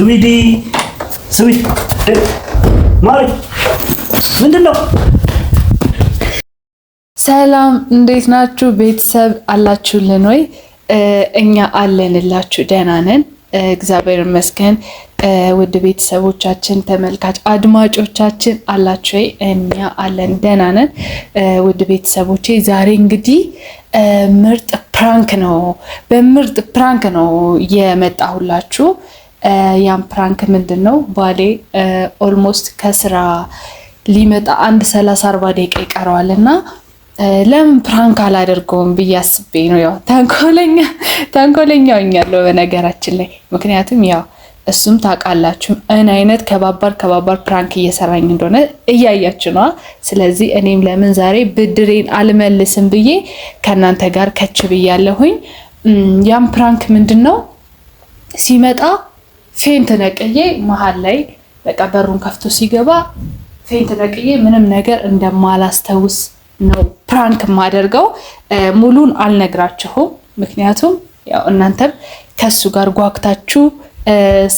ስዊዲ ስዊዲ ማሪ ምንድን ነው? ሰላም እንዴት ናችሁ ቤተሰብ? አላችሁልን ወይ? እኛ አለንላችሁ፣ ደህና ነን እግዚአብሔር ይመስገን። ውድ ቤተሰቦቻችን፣ ተመልካች አድማጮቻችን አላችሁ ወይ? እኛ አለን ደህና ነን። ውድ ቤተሰቦቼ ዛሬ እንግዲህ ምርጥ ፕራንክ ነው፣ በምርጥ ፕራንክ ነው የመጣሁላችሁ። ያም ፕራንክ ምንድን ነው ባሌ ኦልሞስት ከስራ ሊመጣ አንድ ሰላሳ አርባ ደቂቃ ይቀረዋል እና ለምን ፕራንክ አላደርገውም ብዬ አስቤ ነው። ያው ተንኮለኛ ተንኮለኛ ሆኛለሁ በነገራችን ላይ ምክንያቱም ያው እሱም ታውቃላችሁ እን አይነት ከባባር ከባባር ፕራንክ እየሰራኝ እንደሆነ እያያችሁ ነዋ። ስለዚህ እኔም ለምን ዛሬ ብድሬን አልመልስም ብዬ ከእናንተ ጋር ከች ብያለሁኝ። ያም ፕራንክ ምንድን ነው ሲመጣ ፌንት ነቅዬ መሀል ላይ በቃ በሩን ከፍቶ ሲገባ ፌንት ነቅዬ ምንም ነገር እንደማላስታውስ ነው ፕራንክ የማደርገው። ሙሉን አልነግራችሁም፣ ምክንያቱም ያው እናንተም ከሱ ጋር ጓግታችሁ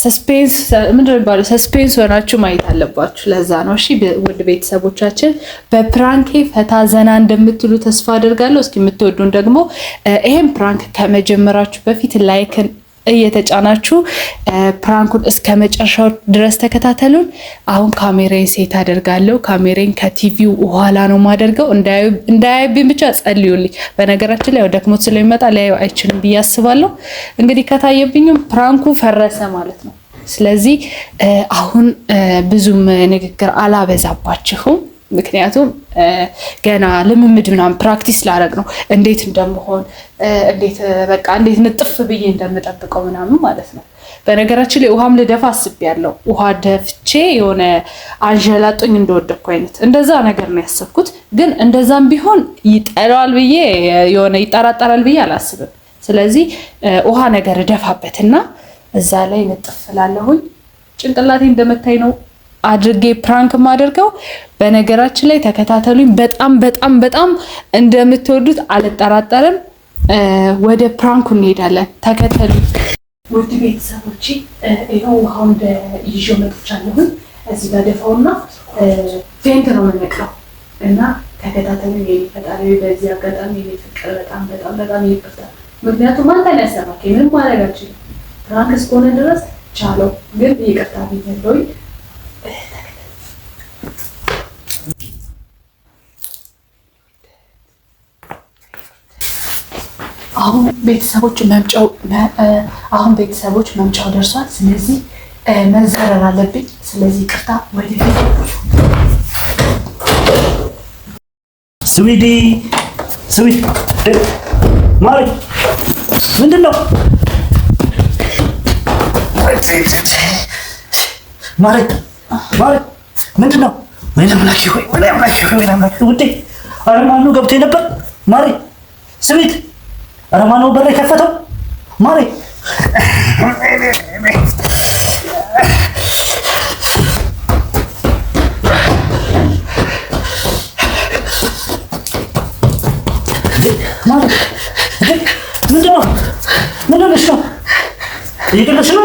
ሰስፔንስ ምንድን የሚባለው? ሰስፔንስ ሆናችሁ ማየት አለባችሁ። ለዛ ነው እሺ፣ ውድ ቤተሰቦቻችን በፕራንኬ ፈታ ዘና እንደምትሉ ተስፋ አደርጋለሁ። እስኪ የምትወዱን ደግሞ ይሄን ፕራንክ ከመጀመራችሁ በፊት ላይክን እየተጫናችሁ ፕራንኩን እስከ መጨረሻው ድረስ ተከታተሉን። አሁን ካሜሬን ሴት አደርጋለሁ። ካሜሬን ከቲቪው ኋላ ነው ማደርገው። እንዳያይብኝ ብቻ ጸልዩልኝ። በነገራችን ላይ ደክሞት ስለሚመጣ ሊያዩ አይችልም ብዬ አስባለሁ። እንግዲህ ከታየብኝም ፕራንኩ ፈረሰ ማለት ነው። ስለዚህ አሁን ብዙም ንግግር አላበዛባችሁም። ምክንያቱም ገና ልምምድ ምናምን ፕራክቲስ ላረግ ነው እንዴት እንደምሆን እንዴት በቃ እንዴት ንጥፍ ብዬ እንደምጠብቀው ምናምን ማለት ነው። በነገራችን ላይ ውሃም ልደፋ አስቤያለሁ። ውሃ ደፍቼ የሆነ አንዠላጦኝ እንደወደኩ አይነት እንደዛ ነገር ነው ያሰብኩት። ግን እንደዛም ቢሆን ይጠላል ብዬ የሆነ ይጠራጠራል ብዬ አላስብም። ስለዚህ ውሃ ነገር እደፋበትና እዛ ላይ ንጥፍ ላለሁኝ ጭንቅላቴ እንደመታይ ነው አድርጌ ፕራንክ ማደርገው። በነገራችን ላይ ተከታተሉኝ። በጣም በጣም በጣም እንደምትወዱት አልጠራጠርም። ወደ ፕራንኩ እንሄዳለን። ተከተሉ። ውድ ቤተሰቦች ይኸው ውሃውን ይዤ መጥቻለሁኝ። እዚህ በደፋውና ፌንት ነው የምንቀው እና ተከታተሉ። የሚፈጣሪ በዚህ አጋጣሚ የሚፈቀር በጣም በጣም በጣም ይቅርታል። ምክንያቱም አንተን ላይ ምንም ማድረግ አልችልም። ፕራንክ እስከሆነ ድረስ ቻለው፣ ግን ይቅርታ ብያለሁኝ። አሁን ቤተሰቦች መምጫው አሁን ቤተሰቦች መምጫው ደርሷል። ስለዚህ መዘረር አለብኝ። ስለዚህ ቅርታ ወደፊት ስዊዲ ስዊት ማሪ ምንድን ነው ማሪ ምንድን ነው? ወይ አምላኬ ሆይ፣ ወይ አምላኬ ሆይ፣ ወይ አምላኬ ውዴ፣ ኧረ ማነው ገብቶ ነበር? ማሬ ስሚት፣ ኧረ ማነው በር የከፈተው? ማሬ ምንድን ነው? ምንድን ነው? እየገለሽ ነው?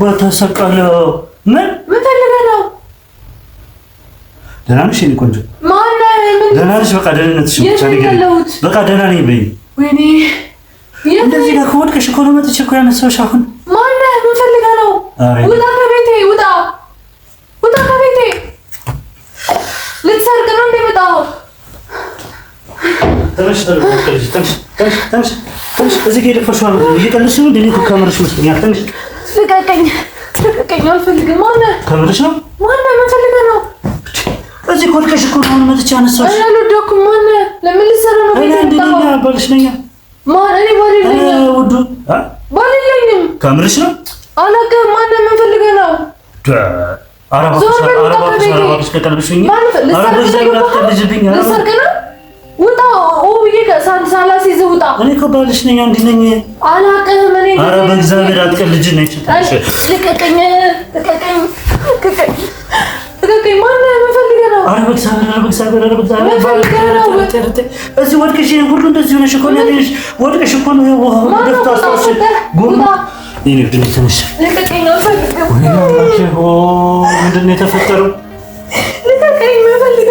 በተሰቀለ ምን ምን ፈልገህ ነው? ደህና ነሽ የእኔ ቆንጆ? ደህና ነሽ? በቃ ደህንነትሽ በቃ ደህና ነኝ በይ። እንደዚህ ከወድቀሽ እኮ ነው መጥቼ እኮ ያነሳሁሽ። አሁን ማነህ? ምን ፈልገህ ነው? ውጣ ከቤቴ ውጣ፣ ውጣ ከቤቴ ልትሰርቅ ነው እንደ እዚህ ጋር የደፈርሽው አይደል? እየቀለድሽ ነው እንደ እኔ እኮ መስሎኛል። ተነሽ ልቀቀኝ፣ ልቀቀኝ! አልፈልግም። ማነህ? ከምርሽ ነው? ማነህ? ምን ፈልገህ ነው? እዚህ ኮልከሽ እኮ ነው መጥቼ አነሳሁሽ። እኔ አልወደኩም። ማነህ? ለምን ልትሰራ ነው? ቤት እንደኛ ባልሽ ነኝ። ማን? እኔ ባል የለኝም። ውዱ ባል የለኝም። ከምርሽ ነው? አላውቅም። ማነህ? ምን ፈልገህ ነው? ኧረ እባክሽ፣ ኧረ እባክሽ፣ ልቀቀኝ! ልትሰርቅ ነው ውጣ! ኦ ብዬ ሳላሲዝ ውጣ! እኔ እኮ ባልሽ ነኝ። አንድ ነኝ። አላውቅህም። እኔ ኧረ በእግዚአብሔር አትቀልጅ። እዚህ ወድቀሽ ሁሉ እንደዚህ ሆነሽ እኮ ነው። ወድቀሽ እኮ ነው። ደፍታ ጎማ የንግድ ነው። ትንሽ ልቀቀኝ! ምንድን ነው የተፈጠረው? ልቀቀኝ!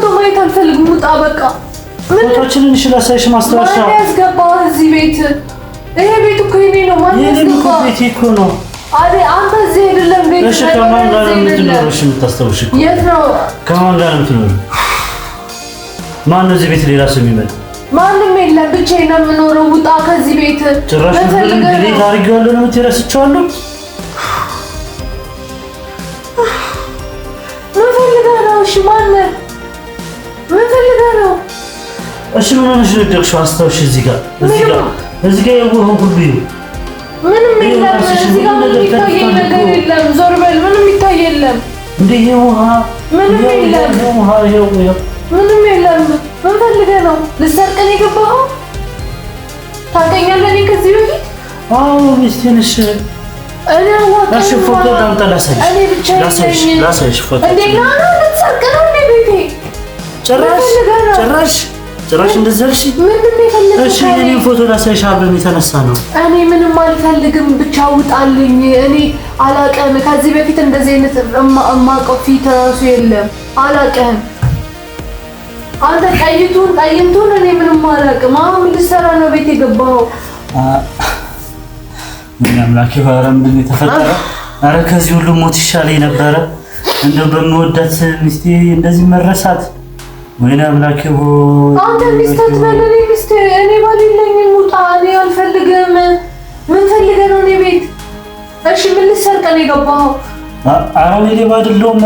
ፎቶ ማየት አልፈልግም። ውጣ በቃ። ፎቶችን እንሽላሳይሽ ማስታወሻ ማን ያስገባው እዚህ ቤት? ይሄ ቤት እኮ የኔ ነው። ማን ያስገባው? ቤት እኮ ነው። አሬ አንተ እዚህ አይደለም ቤት። እሺ፣ ከማን ጋር ነው እሺ፣ የምታስታውሽ እኮ የት ነው? ከማን ጋር ነው ማን ነው እዚህ ቤት ሌላ ሰው የሚመጣ? ማንም የለም። ብቻዬን ነው የምኖረው። ውጣ ከዚህ ቤት። ጭራሽ ምንም ድሌት አድርጌዋለሁ ነው የምትረስቸዋለሁ ምን ፈልገህ እሺ ማነህ ምን ፈልገህ ነው? እሺ ምን ሆነሽ ነው የወደቅሽው? አስታውሽ እዚህ ጋር እዚህ ጋር እዚህ ጋር የሆነ ሁሉ ይሁን ምንም የለም። እዚህ ጋር ምንም የሚታይ ነገር የለም። ዞር በል። ምንም የሚታይ የለም። እንደ ይሄ ምንም የለም። ውሃ ይሄው ይሄው ምንም የለም። ምን ፈልገህ ነው? ልትሰርቀን የገባኸው? ታውቀኛለህ? እኔ ከዚህ በፊት አዎ፣ ሚስቴ ነሽ። እኔ አዋቂ ነኝ። ፎቶ ላምጣ ላሳይሽ። እኔ ላሳይሽ ፎቶ እንዴ! ና ልትሰርቅ ነው ጭራሽ ጭራሽ ጭራሽ እንደዚህ አልሽ። እሺ የኔ ፎቶ ላሳይሽ፣ አብረን የተነሳ ነው። እኔ ምንም አልፈልግም፣ ብቻ ውጣልኝ። እኔ አላቀም። ከዚህ በፊት እንደዚህ አይነት እማቀው ፊት እራሱ የለም። አላቀም። አንተ ቀይቱን ቀይንቱን እኔ ምንም አላቅም። አሁን ልትሰራ ነው ቤት የገባኸው? ምን አምላኬ፣ ኧረ ምንድን ነው የተፈጠረው? ኧረ ከዚህ ሁሉ ሞት ይሻለኝ ነበረ። እንደው በምወዳት ሚስቴ እንደዚህ መረሳት ወይኔ አምላኬ ሆይ አንተ ሚስት አትበለኝ። ሚስት እኔ ባል የለኝም፣ ውጣ። እኔ አልፈልግም። ምን ፈልገህ ነው እኔ ቤት? እሺ ምን ልትሰርቅ ነው የገባኸው? ኧረ እኔ ሌባ አይደለሁም።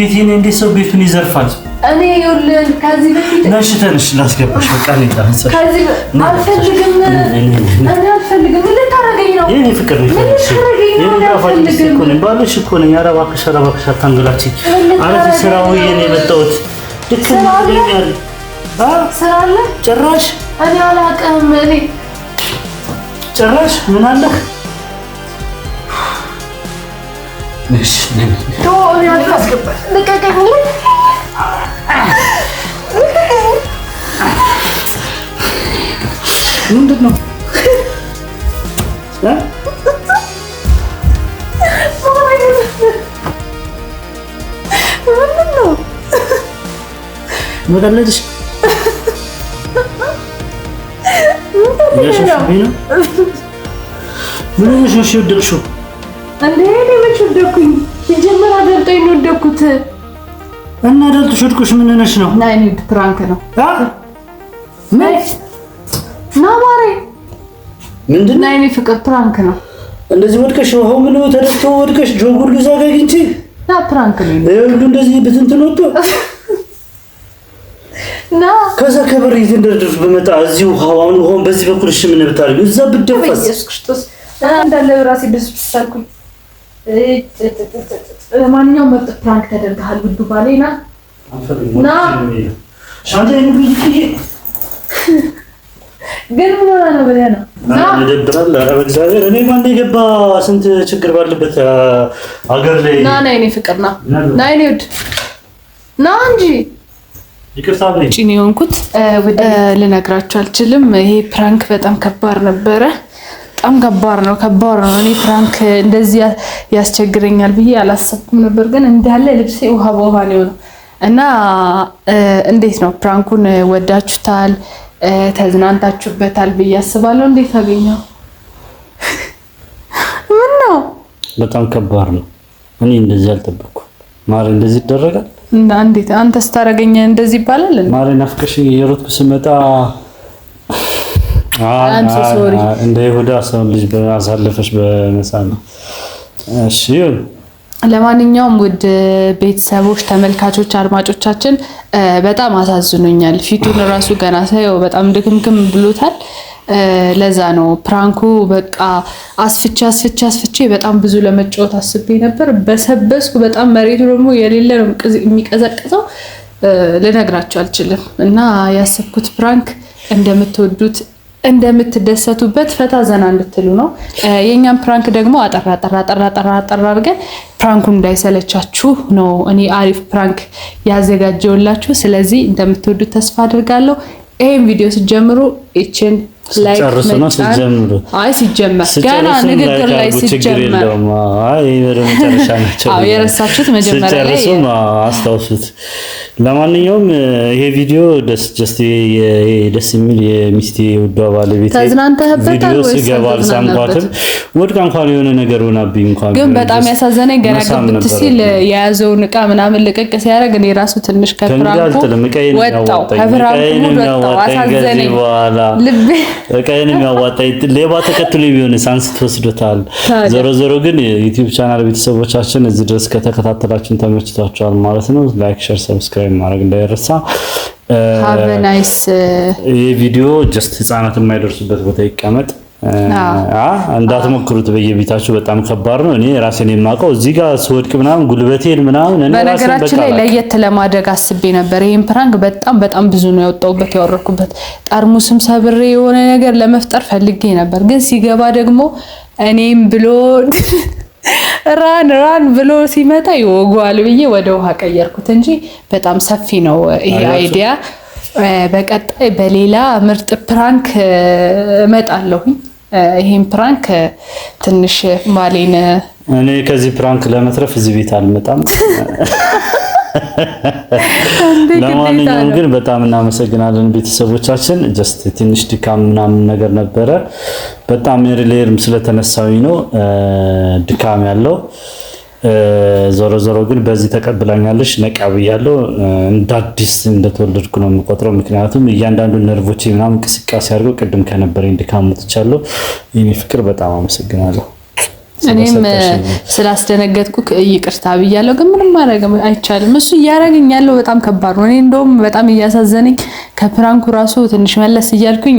ቤቴ እንዴት ሰው ቤቱን ይዘርፋል? እኔ ይኸውልህ ከዚህ በፊት ነሽ ተነሽ፣ ላስገባሽ። በቃ እኔ አልፈልግም። እኔ አልፈልግም። ምን ልታረገኝ ነው? የእኔ ፍቅር ነሽ። ባልሽ እኮ ነኝ። ኧረ እባክሽ፣ ኧረ እባክሽ አታንገላችኝ። ኧረ ስራ ውዬ ነው የመጣሁት ልትማገኛል ስራለ ጭራሽ እኔ አላውቅም። እኔ ጭራሽ ምን አለህ? ምንድን ነው? ትመጣለሽ። ምን ሆነሽ ነው የወደቅሽው? እንዴ እኔ መች ወደቅኩኝ? መጀመሪያ ደርጦኝ ነው የወደቅኩት። እና ደርጦሽ ወድቆሽ ምን ሆነሽ ነው? ናይ እኔ ፕራንክ ነው። ምንድን ነው? ናይ ፍቅር ፕራንክ ነው። እንደዚህ ወድቀሽ ሆን ብሎ ተደፍቶ ወድቀሽ ጆጉር ግዛ አግኝቼ ፕራንክ ነው። ይኸውልህ እንደዚህ ብትንትን ወጥቶ ከዛ ከበር የተንደርደር በመጣ እዚሁ ሀዋን ሆን በዚህ በኩል እሺ፣ ምን ብታደርጊ እዛ ብደፈስ ኢየሱስ ክርስቶስ እንዳለ ራሴ ብዙ ብሳልኩኝ። ማንኛውም መጥ ፕራንክ ተደርገሃል ውዱ ባሌ ና ና ሻንታ ይንብ ይይ ግን ምን ነው በያ ነው ይደብራል። ኧረ በእግዚአብሔር እኔ ማን የገባ ስንት ችግር ባለበት አገር ላይ ና ና፣ የኔ ፍቅር ና ና፣ የኔ ውድ ና እንጂ ጭን የሆንኩት ልነግራቸው አልችልም። ይሄ ፕራንክ በጣም ከባድ ነበረ። በጣም ከባድ ነው፣ ከባድ ነው። እኔ ፕራንክ እንደዚህ ያስቸግረኛል ብዬ አላሰብኩም ነበር፣ ግን እንዳለ ልብሴ ውሃ በውሃ ነው የሆነው እና እንዴት ነው ፕራንኩን ወዳችሁታል፣ ተዝናንታችሁበታል ብዬ አስባለሁ። እንዴት አገኘው? ምን ነው በጣም ከባድ ነው። እኔ እንደዚህ አልጠበኩም። ማሪ እንደዚህ ይደረጋል? እና እንዴት አንተ ስታረገኝ እንደዚህ ይባላል? ማሪ ናፍቀሽ የሮጥኩ ስመጣ እንደ ይሁዳ ሰው ልጅ አሳለፈሽ በነሳ ነው። እሺ ለማንኛውም ውድ ቤተሰቦች፣ ተመልካቾች፣ አድማጮቻችን በጣም አሳዝኖኛል። ፊቱን ራሱ ገና ሳየው በጣም ድክምክም ብሎታል። ለዛ ነው ፕራንኩ በቃ አስፍቼ አስፍቼ አስፍቼ በጣም ብዙ ለመጫወት አስቤ ነበር። በሰበስኩ በጣም መሬቱ ደግሞ የሌለ ነው የሚቀዘቅዘው። ልነግራቸው አልችልም። እና ያሰብኩት ፕራንክ እንደምትወዱት እንደምትደሰቱበት ፈታ ዘና እንድትሉ ነው። የእኛም ፕራንክ ደግሞ አጠራ ጠራ ጠራ ጠራ ጠራ አድርገን ፕራንኩን እንዳይሰለቻችሁ ነው እኔ አሪፍ ፕራንክ ያዘጋጀውላችሁ። ስለዚህ እንደምትወዱት ተስፋ አድርጋለሁ። ይህም ቪዲዮ ስትጀምሩ ይችን ጨርሱ ነው አይ ሲጀመር ገና ንግግር ላይ ሲጀመር መጨረሻ ናቸው። የረሳችሁት አስታውሱት። ለማንኛውም ይሄ ቪዲዮ ደስ ጀስት ደስ የሚል የሚስቴ ውዷ ባለቤት ስገባ አልሳምኳትም። ወድቃ እንኳን የሆነ ነገር ሆናብኝ እንኳን ግን በጣም ያሳዘነኝ ገና ግብት ሲል የያዘውን ምናምን ልቅቅ ሲያደርግ እኔ ራሱ ትንሽ ከፍራንኩ ወጣው ከፍራንኩ ወጣው አሳዘነኝ ልቤ እቃዬን የሚያዋጣ ሌባ ተከትሎ ቢሆን ሳንስ ትወስዶታል። ዞሮ ዞሮ ግን ዩቲዩብ ቻናል ቤተሰቦቻችን እዚህ ድረስ ከተከታተላችን ተመችቷቸዋል ማለት ነው። ላይክ፣ ሼር፣ ሰብስክራይብ ማድረግ እንዳይረሳ። ይህ ቪዲዮ ጀስት ህጻናት የማይደርሱበት ቦታ ይቀመጥ። እንዳትሞክሩት በየቤታችሁ በጣም ከባድ ነው። እኔ ራሴን የማውቀው እዚህ ጋር ስወድቅ ምናምን ጉልበቴን ምናምን። በነገራችን ላይ ለየት ለማድረግ አስቤ ነበር። ይህን ፕራንክ በጣም በጣም ብዙ ነው ያወጣሁበት ያወረኩበት። ጠርሙስም ሰብሬ የሆነ ነገር ለመፍጠር ፈልጌ ነበር፣ ግን ሲገባ ደግሞ እኔም ብሎ ራን ራን ብሎ ሲመጣ ይወጓል ብዬ ወደ ውሃ ቀየርኩት እንጂ በጣም ሰፊ ነው ይሄ አይዲያ። በቀጣይ በሌላ ምርጥ ፕራንክ እመጣለሁኝ። ይህም ፕራንክ ትንሽ ማሌን እኔ ከዚህ ፕራንክ ለመትረፍ እዚህ ቤት አልመጣም። ለማንኛውም ግን በጣም እናመሰግናለን ቤተሰቦቻችን። ጀስት ትንሽ ድካም ምናምን ነገር ነበረ። በጣም ሌርም ስለተነሳዊ ነው ድካም ያለው ዞሮ ዞሮ ግን በዚህ ተቀብላኛለች። ነቃ ብያለሁ። እንደ አዲስ እንደተወለድኩ ነው የምቆጥረው። ምክንያቱም እያንዳንዱ ነርቮች ምናምን እንቅስቃሴ አድርገው ቅድም ከነበረኝ ድካም ወጥቻለሁ። የኔ ፍቅር በጣም አመሰግናለሁ። እኔም ስላስደነገጥኩ ይቅርታ ብያለሁ። ግን ምንም ማድረግ አይቻልም። እሱ እያደረገኝ ያለው በጣም ከባድ ነው። እኔ እንደውም በጣም እያሳዘነኝ ከፕራንኩ ራሱ ትንሽ መለስ እያልኩኝ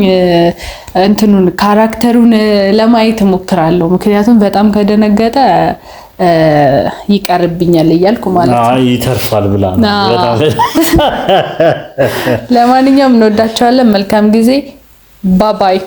እንትኑን ካራክተሩን ለማየት እሞክራለሁ። ምክንያቱም በጣም ከደነገጠ ይቀርብኛል እያልኩ ማለት ነው። ይተርፋል ብላ ለማንኛውም እንወዳቸዋለን። መልካም ጊዜ። ባባይ